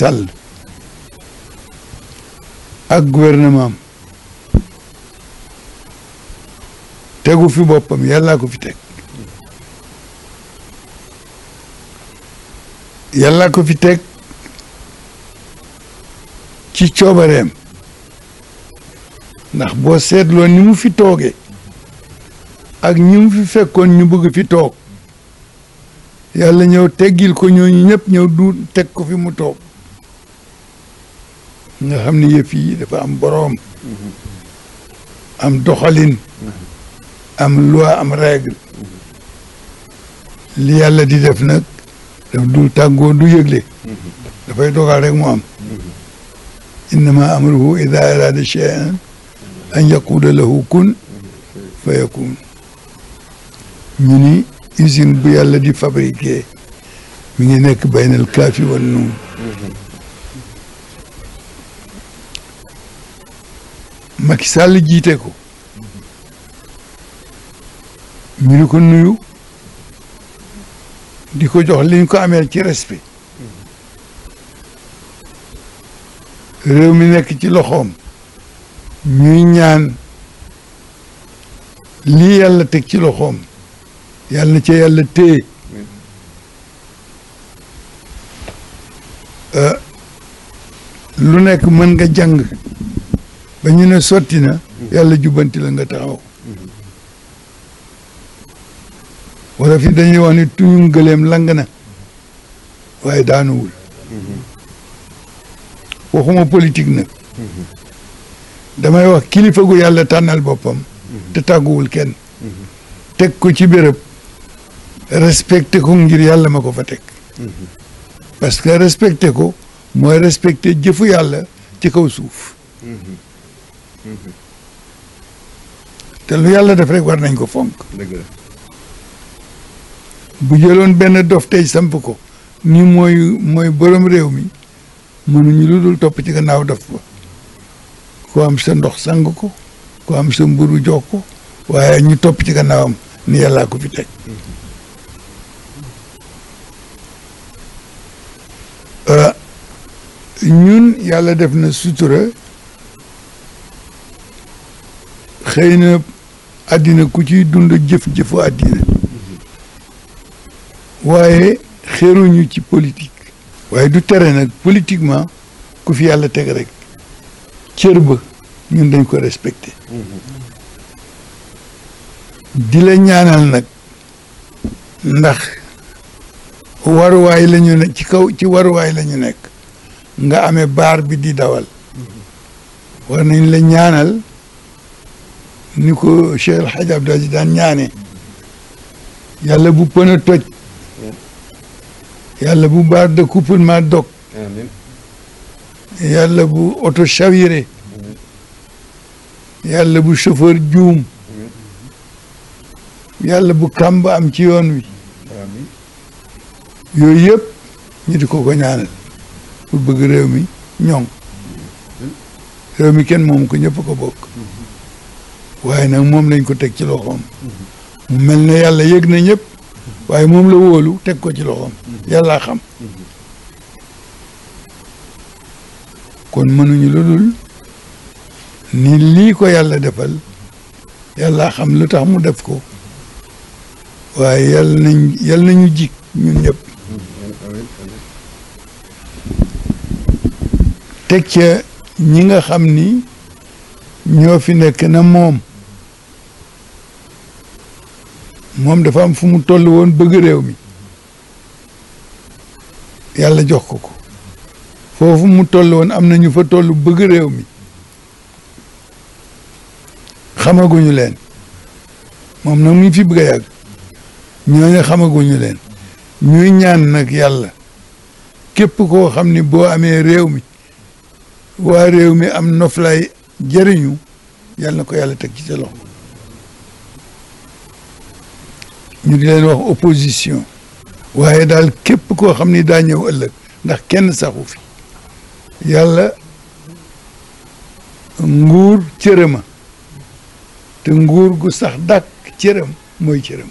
Macky ak gouvernement tegu fi boppam yàllaa ko fi teg yàllaa ko fi teg ci coobareem ndax boo seetloo ni mu fi tooge ak ñi mu fi fekkoon ñu bugg fi toog yàlla ñëw teggil ko ñooñu ñëpp ñëw du teg ko fi mu toog nga xam ne yëf fii dafa am boroom am doxalin am loi am règle li yàlla di def nag daf dul tàggoo du yëgle dafay dogal rek mu am innama amruhu ida arada shay'an an yaquula lahu kun fa yakun ñu ni bu yàlla di fabriqué mi ngi nekk baynal kaafi wan nuun Macky Sall jiite ko ñu di ko nuyu di ko jox liñ ko ameel ci respect réew mi nekk ci loxoom ñuy ñaan lii yàlla teg ci loxoom yàlla na ca yàlla téye euh, lu nekk mën nga jàng ba ñu ne sotti na yàlla jubbanti la nga taxaw wala fi dañuy wax ni tuyum gëleem lang na waaye daanuwul waxuma politique nag damay wax kilifa gu yàlla tànnal boppam te tàgguwul kenn teg ko ci béréb respecté ko ngir yàlla ma ko fa teg parce que respecté ko mooy respecté jëfu yàlla ci kaw suuf Mm-hmm. te lu yàlla def rek war nañ ko fonk. dëgg bu jëloon benn dof tey samp ko ni mooy mooy borom réew mi mënuñu lu dul topp ci gannaaw dof ba ku am sa ndox sang ko ku am sa mburu jox ko waaye ñu topp ci gannaawam ni yàllaa ko fi teg. Mm-hmm. Euh, ñun yàlla def na sutura. xëy na àddina ku ci dund jëf-jëfu àddina waaye xéeruñu ci politique waaye du tere nag politiquement ku fi yàlla teg rek cër ba ñun dañ ko respecté di la ñaanal nag ndax waruwaay la ñu ci kaw ci waruwaay la nekk nga ame baar bi di dawal war nañ la ñaanal ni ko Cheikh El Hadj daan ñaane yàlla bu pën a toj bu baar de coupon ma dog yàlla bu oto chawiré yàlla bu chauffeur juum yàlla bu kàmb am ci yoon wi yooyu yëpp ñu di ko ko ñaanal pour bëgg réew mi ñoŋ réew mi kenn moom ko ñëpp ko bokk mm-hmm. waaye nag moom lañ ko teg ci loxoom mu mel ne yàlla yëg na ñëpp waaye moom la wóolu teg ko ci loxoom yàllaa xam kon mënuñu lu dul ni lii ko yàlla defal yàllaa xam lu tax mu def ko waaye yàlla nañ yàlla nañu jig ñun ñëpp teg ca ñi nga xam ni ñoo fi nekk na moom moom dafa am fu mu toll woon bëgg réew mi yàlla jox ko ko foofu mu toll woon am na ñu fa toll bëgg réew mi xamaguñu leen moom nag mu fi bëgg a yàgg ñooñu xamaguñu leen ñuy ñaan nag yàlla képp koo xam ni boo amee réew mi waa réew mi am noflaay jëriñu yàlla na ko yàlla teg ci sa loxo ñu ngi leen wax opposition waaye daal képp koo xam ni daa ñëw ëllëg ndax kenn saxu fi yàlla nguur cërëma te nguur gu sax dàkk cërëm mooy cërëm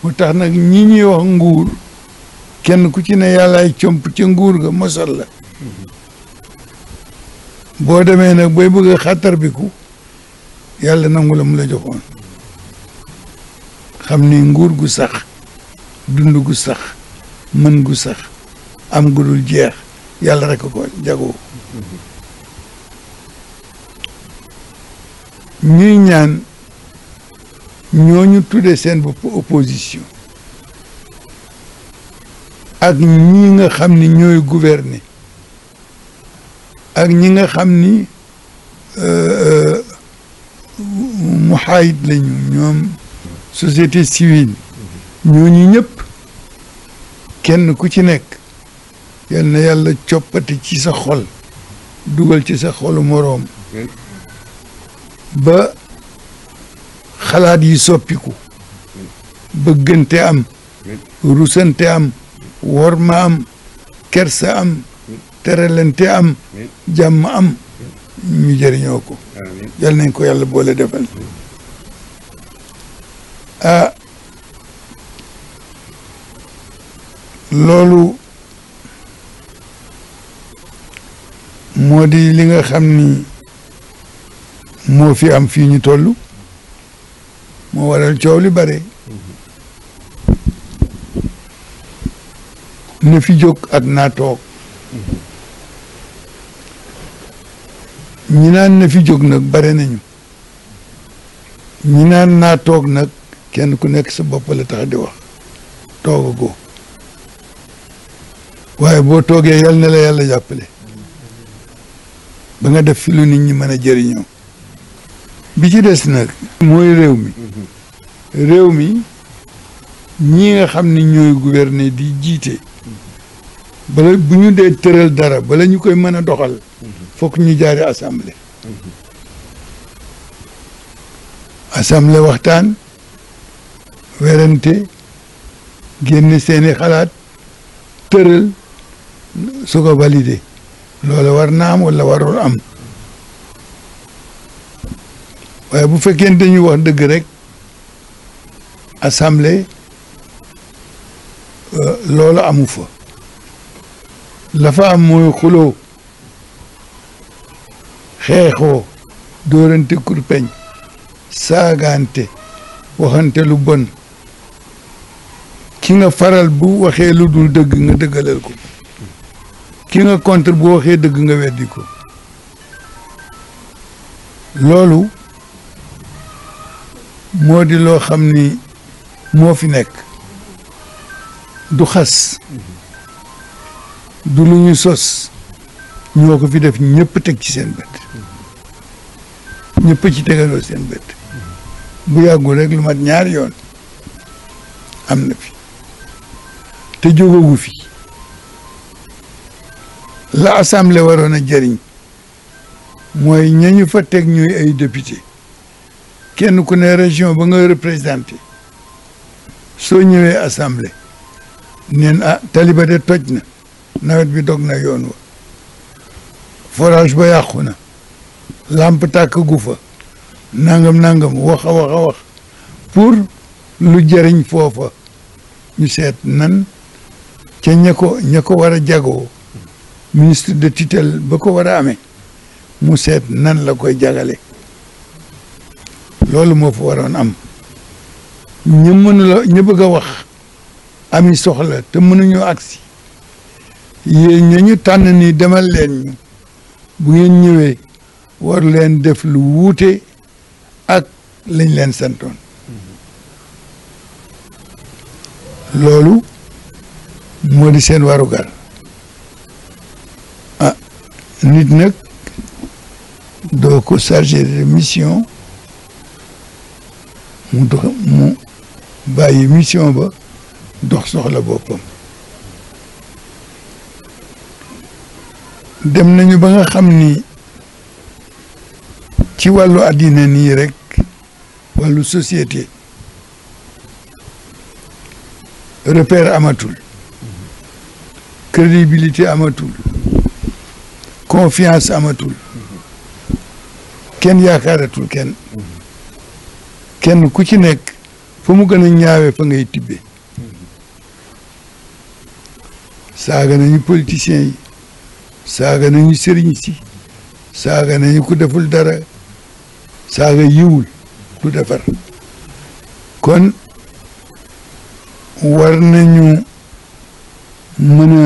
mu tax nag ñi ñuy wax nguur kenn ku ci ne yàllaay comp ci nguur ga mosal la boo demee nag booy bëgg a xàttarbiku yàlla nangu la mu la joxoon xam ni nguur gu sax dund gu sax mën gu sax am gu dul jeex yàlla rek ko jagoo ñuy ñaan ñoo ñooñu tuddee seen bopp opposition ak ñi nga xam ni ñooy gouverner ak ñi nga xam ni euh, euh, muhaayit lañu ñoom société civile ñooñu ñëpp kenn ku ci nekk yal na yàlla coppati ci sa xol dugal ci sa xolu moroom ba xalaat yi soppiku bëggante am rusante am worma am kersa am teralante am jàmm am ñu jariñoo ko yal nañ ko yàlla boole defal Euh, loolu moo di li nga xam ni moo fi am fii ñu toll moo waral coow li bare na fi jóg ak naatoog toog naan na fi jóg nag bare nañu ñi naan naa nag kenn ku nekk sa bopp la tax di wax toogagoo waaye boo toogee yal na la yàlla jàppale ba nga def fi lu nit ñi mën a jëriñoo bi ci des nag mooy réew mi réew mi ñi nga xam ni ñooy gouverner di jiite bala bu ñu dee tëral dara bala ñu koy mën a doxal fokk ñu jaare assemblée assemblée waxtaan werante génn seeni xalaat tëral su ko validé loola war na am wala warul am waaye bu fekkeen dañuy wax dëgg rek assemblée euh, loola amu fa la am mooy xuloo xeexoo dóorante kurpeñ saagaante waxante lu bon ki nga faral bu waxee lu dul dëgg nga dëggalal ko ki nga contre bu waxee dëgg nga weddi ko loolu moo di loo xam ni moo fi nekk du xas du lu ñu sos ñoo ko fi def ñépp teg ci seen bët ñëpp ci tegaloo seen bët bu yàggul rek lu mat ñaari yoon am na fi te jógagu fi la assemblée waroon a jëriñ mooy ñañu fa teg ñuy ay député kenn ku ne région ba nga représenté soo ñëwee assemblée neen ah taliba de toj na nawet bi dog na yoon wa forage ba yàqu na làmp tàkk gu fa nangam nangam wax a wax a wax pour lu jëriñ foofa ñu seet nan ca ña ko ña ko war a jagoo ministre de tutelle ba ko war a amee mu seet nan la koy jagale loolu moo fa waroon am ñu mënula ñu bëgg a wax ami soxla te mënuñoo agsi yéen ña ñu tànn ni demal leen ñu bu ngeen ñëwee war leen def lu wuute ak lañ leen santoon mm-hmm. loolu moo di seen warugar ah, nit nag doo ko chargé de mission mu dox mu bàyyi mission ba dox soxla boppam dem nañu ba nga xam ni ci wàllu àddina nii rek wàllu société repère amatul crédibilité amatul confiance amatul kenn yaakaaratul kenn kenn ku ci nekk fa mu gën a ñaawee fa ngay tibbe saaga nañu politiciens yi saaga nañu sëriñ si saaga nañu ku deful dara saaga yiwul du defar kon war nañu mën a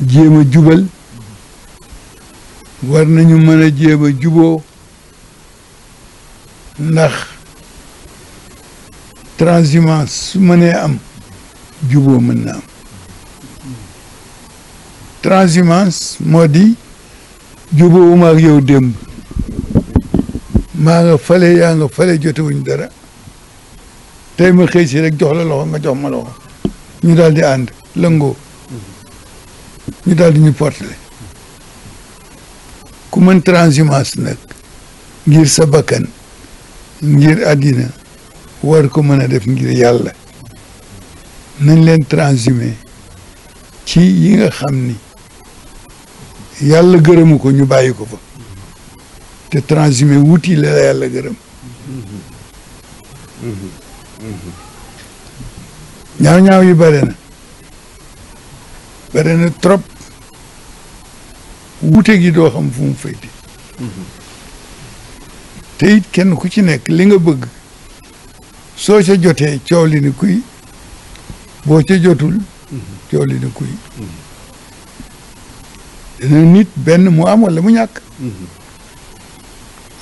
jéem a jubal war nañu mën a jéem a juboo ndax transhumance su mënee am juboo mën na am transhumance moo di juboo ma ak yow démb maa nga fale yaa nga fale jotewuñ dara tey ma xëy si rek jox la loxo nga jox ma loxo ñu daal di ànd lëngoo ñu daal di ñu portele ku mën transhumance nag ngir sa bakkan ngir àddina war ko mën a def ngir yàlla nañ leen transhumé ci yi nga xam ni yàlla gërëmu ko ñu bàyyi ko fa te transhumé wuti la yàlla gërëm mm-hmm. Mm-hmm. Mm-hmm. ñaaw-ñaaw yi bare na bare na trop wuute gi doo xam fu mu féete te it kenn ku ci nekk li nga bëgg soo ca jotee coow li ni kuy boo ca jotul coow li ni kuy dana nit benn mu am wala mu ñàkk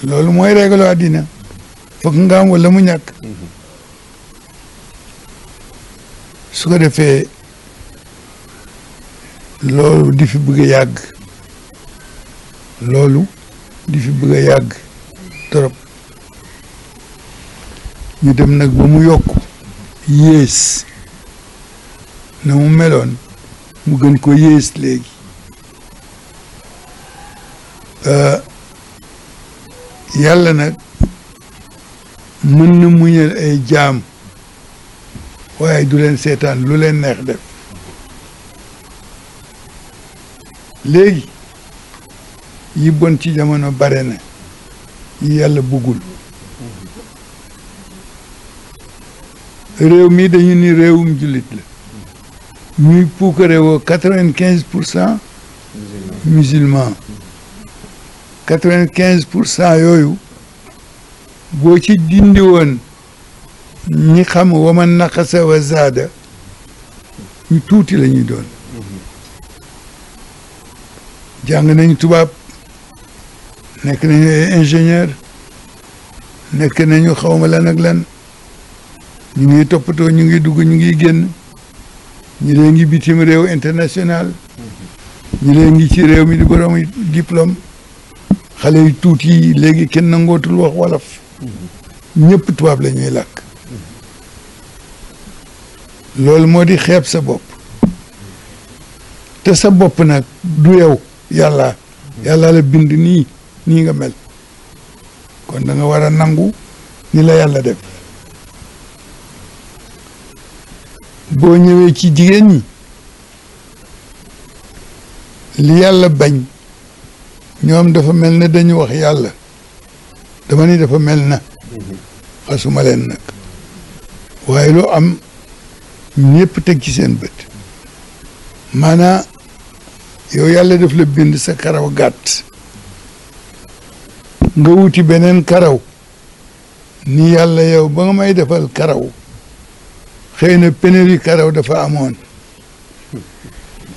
loolu mooy réglu àddina fokk nga am wala mu ñàkk su ko defee loolu di fi bëgg yàgg loolu di fi bëgg a yàgg trop ñu dem nag ba mu yokk yées na mu meloon mu gën ko yées léegi euh, yàlla nag mën na muñal ay jaam waaye du leen seetaan lu leen neex def léegi yi bon ci jamono bare na yi yàlla bugul réew mi dañu ni réewum jullit la ñuy puukare woo quatre-vingt-quinze pour cent musulman quatre-vingt-quinze pour cent yooyu boo ci dindi woon ñi xam waman naqasa wa zaada ñu tuuti la ñuy doon jàng nañu tubaab nekk nañu ay nekk nañu xawma lan ak lan ñu ngi toppatoo ñu ngi dugg ñu ngi génn ñu lee ngi bitim réew international ñu lee ngi ci réew mi di borom diplôme xale yu tuuti yi léegi kenn nangootul wax wolof ñëpp tubaab lañuy ñuy làkk loolu moo di xeeb sa bopp te sa bopp nag du yow yàlla yàlla la bind nii nii nga mel kon da war a nangu ni la yàlla def boo ñëwee ci jigéen ñi li yàlla bañ ñoom dafa mel ne dañu wax yàlla dama ni dafa mel na xasuma leen nag waaye loo am ñëpp teg ci seen bët maanaa yow yàlla def la bind sa karaw gàtt nga wuti beneen karaw ni yàlla yow ba nga may defal karaw xëy na pénurie karaw dafa amoon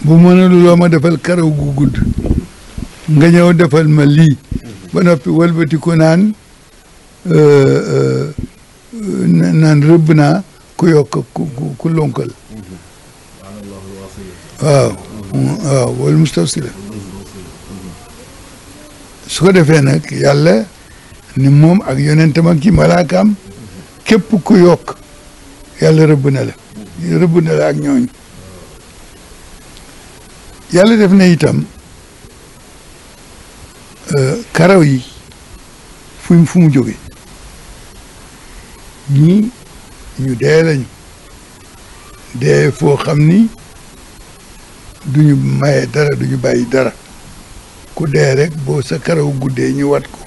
bu mënul loo ma defal karaw gu gudd nga ñëw defal ma lii ba noppi wëlbati ko naan euh, euh, naan rëbb naa ku yokk ku ku lonkal waaw wala mustawsila su ko defee nag yàlla ni moom ak yonentam ak ci malaakaam képp ku yokk yàlla rëbb na rëbb na ak ñooñu yàlla def na itam euh, karaw yi fuñ fu mu jóge ñii ñu dee lañu dee foo xam ni duñu maye dara duñu bàyyi dara ku dee rek boo sa karaw guddee ñu wat ko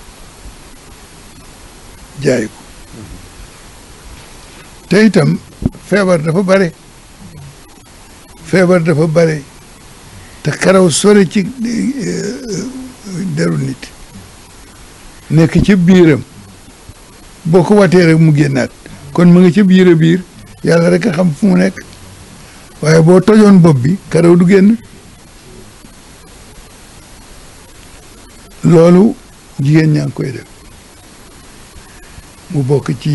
jaay ko te itam feebar dafa bare feebar dafa bare te karaw sore ci eh, deru nit nekk ci biiram boo ko watee rek mu génnaat kon mu ngi ci biir a biir yàlla rek a xam fu mu nekk waaye boo tojoon bopp bi karaw du génn loolu jigéen ñaa ngi koy def mu bokk ci